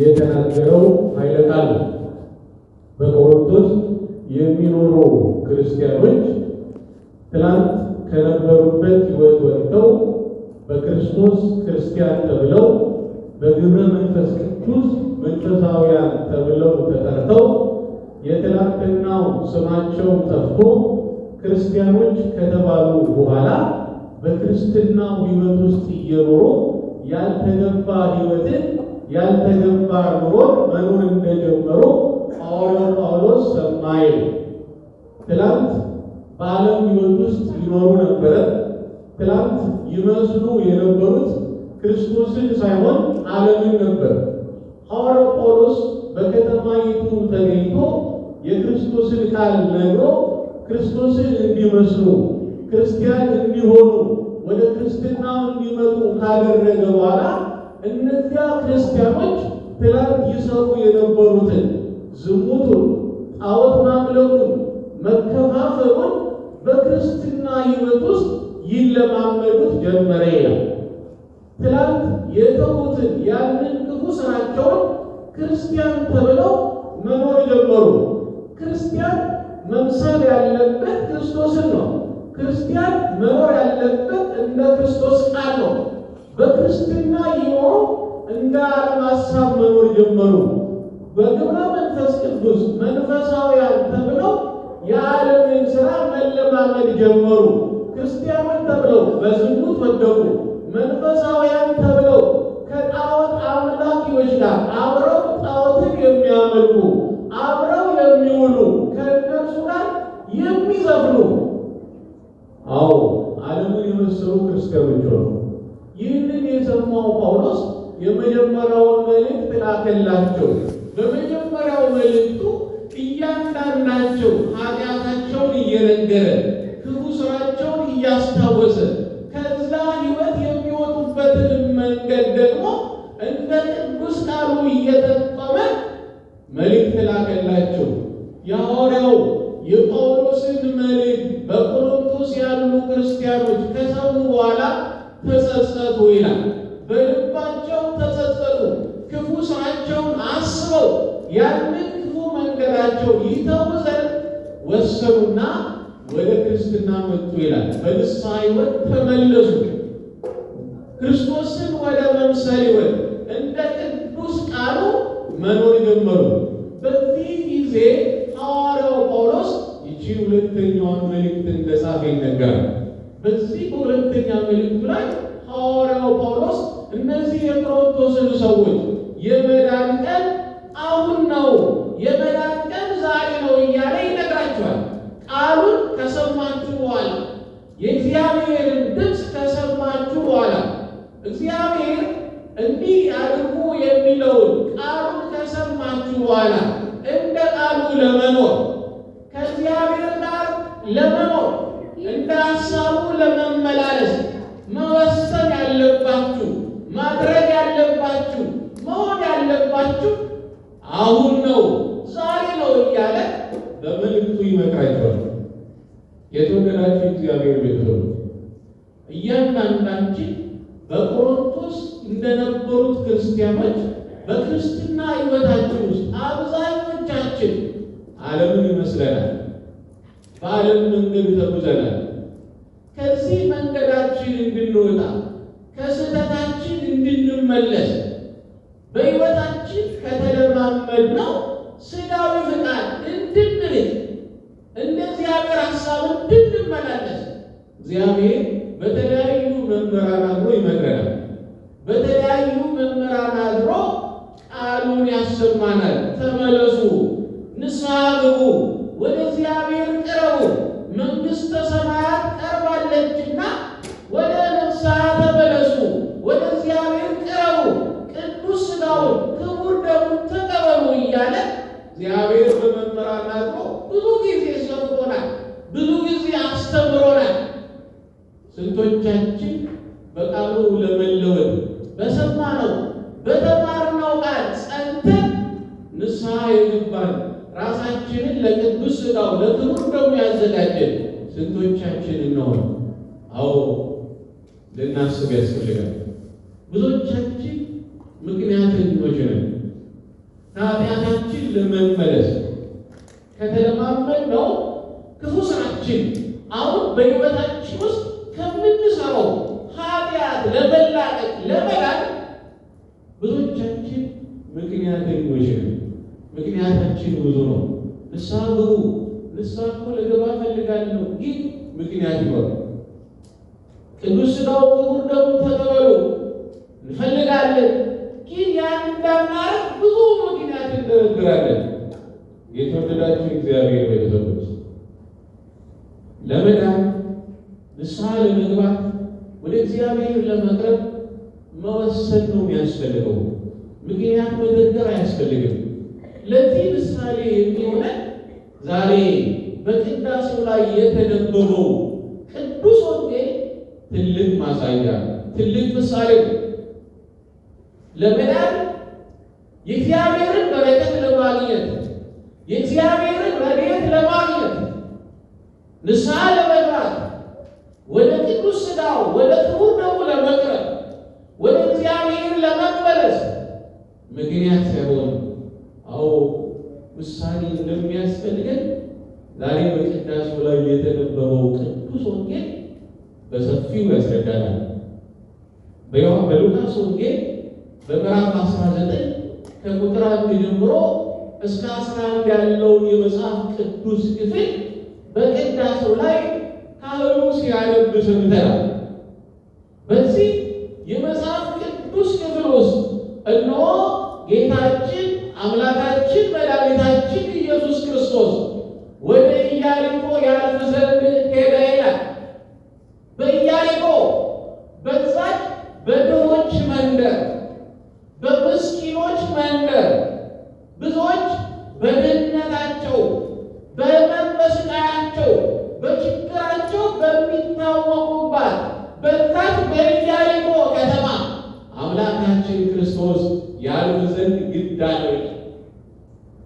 የተናገረው ኃይለ ቃል በቆሮንቶስ የሚኖሩ ክርስቲያኖች ትናንት ከነበሩበት ሕይወት ወጥተው በክርስቶስ ክርስቲያን ተብለው በግብረ መንፈስ ቅዱስ መንፈሳውያን ተብለው ተጠርተው የትናንትናው ስማቸው ጠፍቶ ክርስቲያኖች ከተባሉ በኋላ በክርስትናው ሕይወት ውስጥ እየኖሩ ያልተገባ ሕይወትን ያልተገባ ኑሮ መኖር እንደጀመሩ ሐዋርያው ጳውሎስ ሰማይ ትላንት በዓለም ሕይወት ውስጥ ይኖሩ ነበረ። ትላንት ይመስሉ የነበሩት ክርስቶስን ሳይሆን ዓለምን ነበር። ሐዋርያው ጳውሎስ በከተማይቱ ተገኝቶ የክርስቶስን ቃል ነግሮ ክርስቶስን እንዲመስሉ ክርስቲያን እንዲሆኑ ወደ ክርስትናው እንዲመጡ ካደረገ በኋላ እነዚያ ክርስቲያኖች ትላንት ይሰሩ የነበሩትን ዝሙቱን፣ ጣዖት ማምለኩን፣ መከፋፈሉን በክርስትና ህይወት ውስጥ ይለማመዱት ጀመረ ይላል። ትላንት የተዉትን ያንን ክፉ ስራቸውን ክርስቲያን ተብለው መኖር ጀመሩ። ክርስቲያን መምሰል ያለበት ክርስቶስን ነው። ክርስቲያን መኖር ያለበት እንደ ክርስቶስ ቃል ነው። በክርስትና ይኖሩ እንደ ዓለም ሀሳብ መኖር ጀመሩ። በግብረ መንፈስ ቅዱስ መንፈሳውያን ተብለው የዓለምን ሥራ መለማመድ ጀመሩ። ክርስቲያኖች ተብለው በዝሙት ወደቁ። መንፈሳውያን ተብለው ከጣዖት አምላኪዎች ጋር አብረው ጣዖትን የሚያመልኩ አብረው የሚውሉ ከእነርሱ ጋር የሚዘፍኑ አዎ ዓለምን የመሰሉ ክርስቲያኖች ሆኑ። አስቆሮማው ጳውሎስ የመጀመሪያውን መልእክት ላከላቸው። በመጀመሪያው መልእክቱ እያንዳንዳቸው ኃጢአታቸውን እየነገረ ክፉ ስራቸውን እያስታወሰ ከዛ ህይወት የሚወጡበትን መንገድ ደግሞ እንደ ቅዱስ ቃሉ እየጠቆመ መልእክት ላከላቸው። የሐዋርያው የጳውሎስን መልእክት በቆሮንቶስ ያሉ ክርስቲያኖች ከሰሙ በኋላ ተጸጸቱ ይላል። በልባቸው ተጸጸሉ። ክፉ ስራቸውን አስበው ያንን ክፉ መንገዳቸው ይተው ዘንድ ወሰኑና ወደ ክርስትና መጡ ይላል። በንስሐ ሕይወት ተመለሱ። ክርስቶስን ወደ መምሰል ሕይወት እንደ ቅዱስ ቃሉ መኖር ጀመሩ። በዚህ ጊዜ ሐዋርያው ጳውሎስ ይቺ ሁለተኛዋን መልእክት እንደጻፈ ይነገራል። በዚህ በሁለተኛ መልእክቱ ላይ ሐዋርያው ጳውሎስ እነዚህ የክሮቶስን ሰዎች የመዳን ቀን አሁን ነው፣ የመዳን ቀን ዛሬ ነው እያለ ይነግራቸዋል። ቃሉን ከሰማችሁ በኋላ የእግዚአብሔርን ድምፅ ከሰማችሁ በኋላ እግዚአብሔር እንዲህ አድርጉ የሚለውን ቃሉን ከሰማችሁ በኋላ እንደ ቃሉ ለመኖር ከእግዚአብሔር ጋር ለመኖር እንደ ሀሳቡ ለመመላለስ መወሰን ያለባችሁ ማድረግ ያለባችሁ መሆን ያለባችሁ አሁን ነው ዛሬ ነው እያለ በመልእክቱ ይመክራቸዋል። የተወደዳችሁ እግዚአብሔር ቤት ሆኑ እያንዳንዳችን በቆሮንቶስ እንደነበሩት ክርስቲያኖች በክርስትና ሕይወታችን ውስጥ አብዛኞቻችን ዓለምን ይመስለናል። በዓለም መንገድ ተጉዘናል። ከዚህ መንገዳችን እንድንወጣ ከስህተታችን እንድንመለስ በሕይወታችን ከተለማመድነው ስጋዊ ፍቃድ እንድንርቅ እንደ እግዚአብሔር ሀሳብ እንድንመላለስ እግዚአብሔር በተለያዩ መምህራን አድሮ ይመክረናል። በተለያዩ መምህራን አድሮ ቃሉን ያሰማናል። ተመለሱ ስጋውን ክቡር ደሙን ተቀበሉ እያለ እግዚአብሔር በመምህራን አድሮ ብዙ ጊዜ ሰብኮናል፣ ብዙ ጊዜ አስተምሮናል። ስንቶቻችን በቃሉ ለመለወጥ በሰማነው በተማርነው ቃል ጸንተን ንስሐ የገባን ራሳችንን ለቅዱስ ስጋው ለክቡር ደሙ ያዘጋጀን ስንቶቻችን እንሆን? አዎ ልናስብ ያስፈልጋል። ብዙዎቻችን ምክንያት ከኃጢአታችን ለመመለስ ነው ክፉ ስራችን አሁን በሕይወታችን ውስጥ ከምንሰራው ኃጢአት ለመላቀቅ ለመላቅ ብዙዎቻችን ምክንያተኞች ነን። ምክንያታችን ብዙ ነው። ንስሐ ግቡ፣ ንስሐ እኮ ልገባ እፈልጋለሁ ግን ምክንያት ይኖራል። ቅዱስ ስጋው ክቡር ደሙን ተቀበሉ እንፈልጋለን ግን ያን እንዳናረግ እንነግራለን። የተወደዳችሁ እግዚአብሔር ቤተሰቦች ለመዳን ንስሐ ለመግባት ወደ እግዚአብሔር ለመቅረብ መወሰን ነው የሚያስፈልገው። ምክንያት መደርደር አያስፈልግም። ለዚህ ምሳሌ የሚሆነን ዛሬ በቅዳሴው ላይ የተነበበው ቅዱስ ወንጌል ትልቅ ማሳያ፣ ትልቅ ምሳሌ ለመዳን የእግዚአብሔርን በረከት ለማግኘት የእግዚአብሔርን ረድኤት ለማግኘት ንስሐ ለመግባት ወደ ቅዱስ ሥጋው ወደ ክቡር ደሙ ለመቅረብ ወደ እግዚአብሔር ለመመለስ ምክንያት ሳይሆን አዎ ውሳኔ እንደሚያስፈልገን ዛሬ በቅዳሴው ላይ የተነበበው ቅዱስ ወንጌል በሰፊው ያስረዳናል። በሉቃስ ወንጌል በምዕራፍ 19 ከቁጥር አንድ ጀምሮ እስከ አስራ አንድ ያለውን የመጽሐፍ ቅዱስ ክፍል በቅዳሴው ላይ ካህኑ ሲያነብ ሰምተናል። በዚህ የመጽሐፍ ቅዱስ ክፍል ውስጥ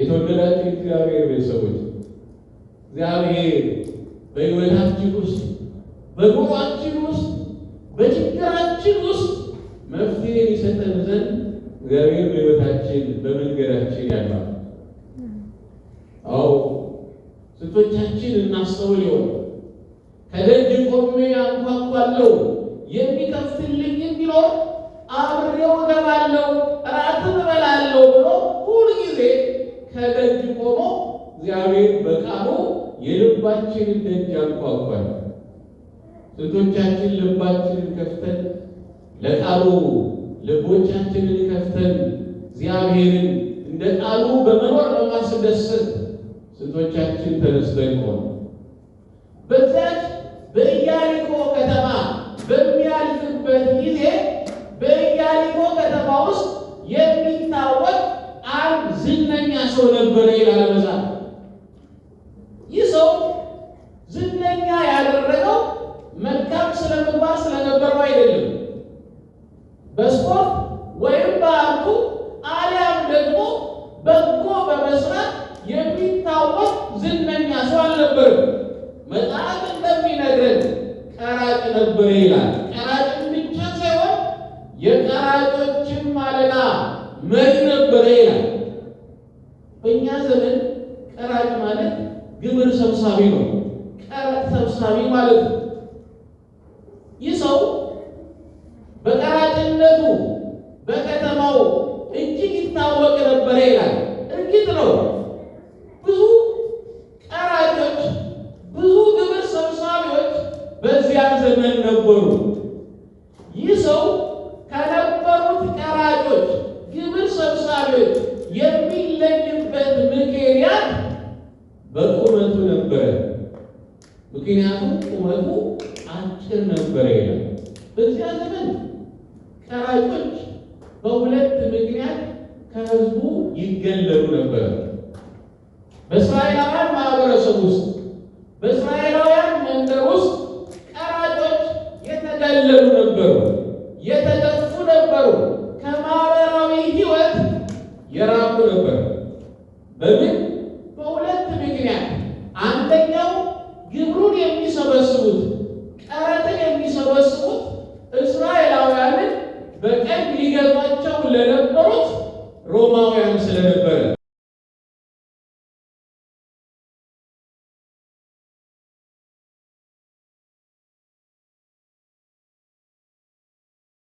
የተወደዳችሁ እግዚአብሔር ቤተሰቦች እግዚአብሔር በሕይወታችን ውስጥ በጉሯችን ውስጥ በችግራችን ውስጥ መፍትሄ የሚሰጠን ዘንድ እግዚአብሔር በሕይወታችን በመንገዳችን ያልፋል። አዎ ስንቶቻችን እናስተውል ይሆን? ከደጅ ቆሜ አንኳኳለው የሚከፍትልኝ የሚኖር አብሬው እገባለሁ ራ ከደጅ ቆሞ እግዚአብሔር በቃሉ የልባችንን ደጅ ያንኳኳል። ስንቶቻችን ልባችንን ከፍተን ለቃሉ ልቦቻችንን ከፍተን እግዚአብሔርን እንደ ቃሉ በመኖር በማስደሰት ስንቶቻችን ተነስተን ሆነ በዛች በኢያሪኮ ከተማ በሚያልፍበት ጊዜ በኢያሪኮ ከተማ ውስጥ የሚታወቅ በጣም ዝነኛ ሰው ነበረ ይላል መጽሐፍ። ይህ ሰው ዝነኛ ያደረገው መልካም ስነ ምግባር ስለነበረው አይደለም። በስፖርት ወይም በአርቱ አሊያም ደግሞ በጎ በመስራት የሚታወቅ ዝነኛ ሰው አልነበርም። መጽሐፍ እንደሚነግረን ቀራጭ ነበረ ይላል። ቀራጭን ብቻ ሳይሆን የቀራጮችም አለና መሪ ግብር ሰብሳቢ ነው፣ ቀረጥ ሰብሳቢ ማለት ነው። ይህ ሰው በቀራጭነቱ በከተማው እጅግ ይታወቅ ነበረ ይላል። ምክንያቱም ቁመቱ አጭር ነበረ ይላል። በዚያ ዘመን ቀራጮች በሁለት ምክንያት ከህዝቡ ይገለሉ ነበር። በእስራኤላውያን ማህበረሰብ ውስጥ በእስራኤላ legal by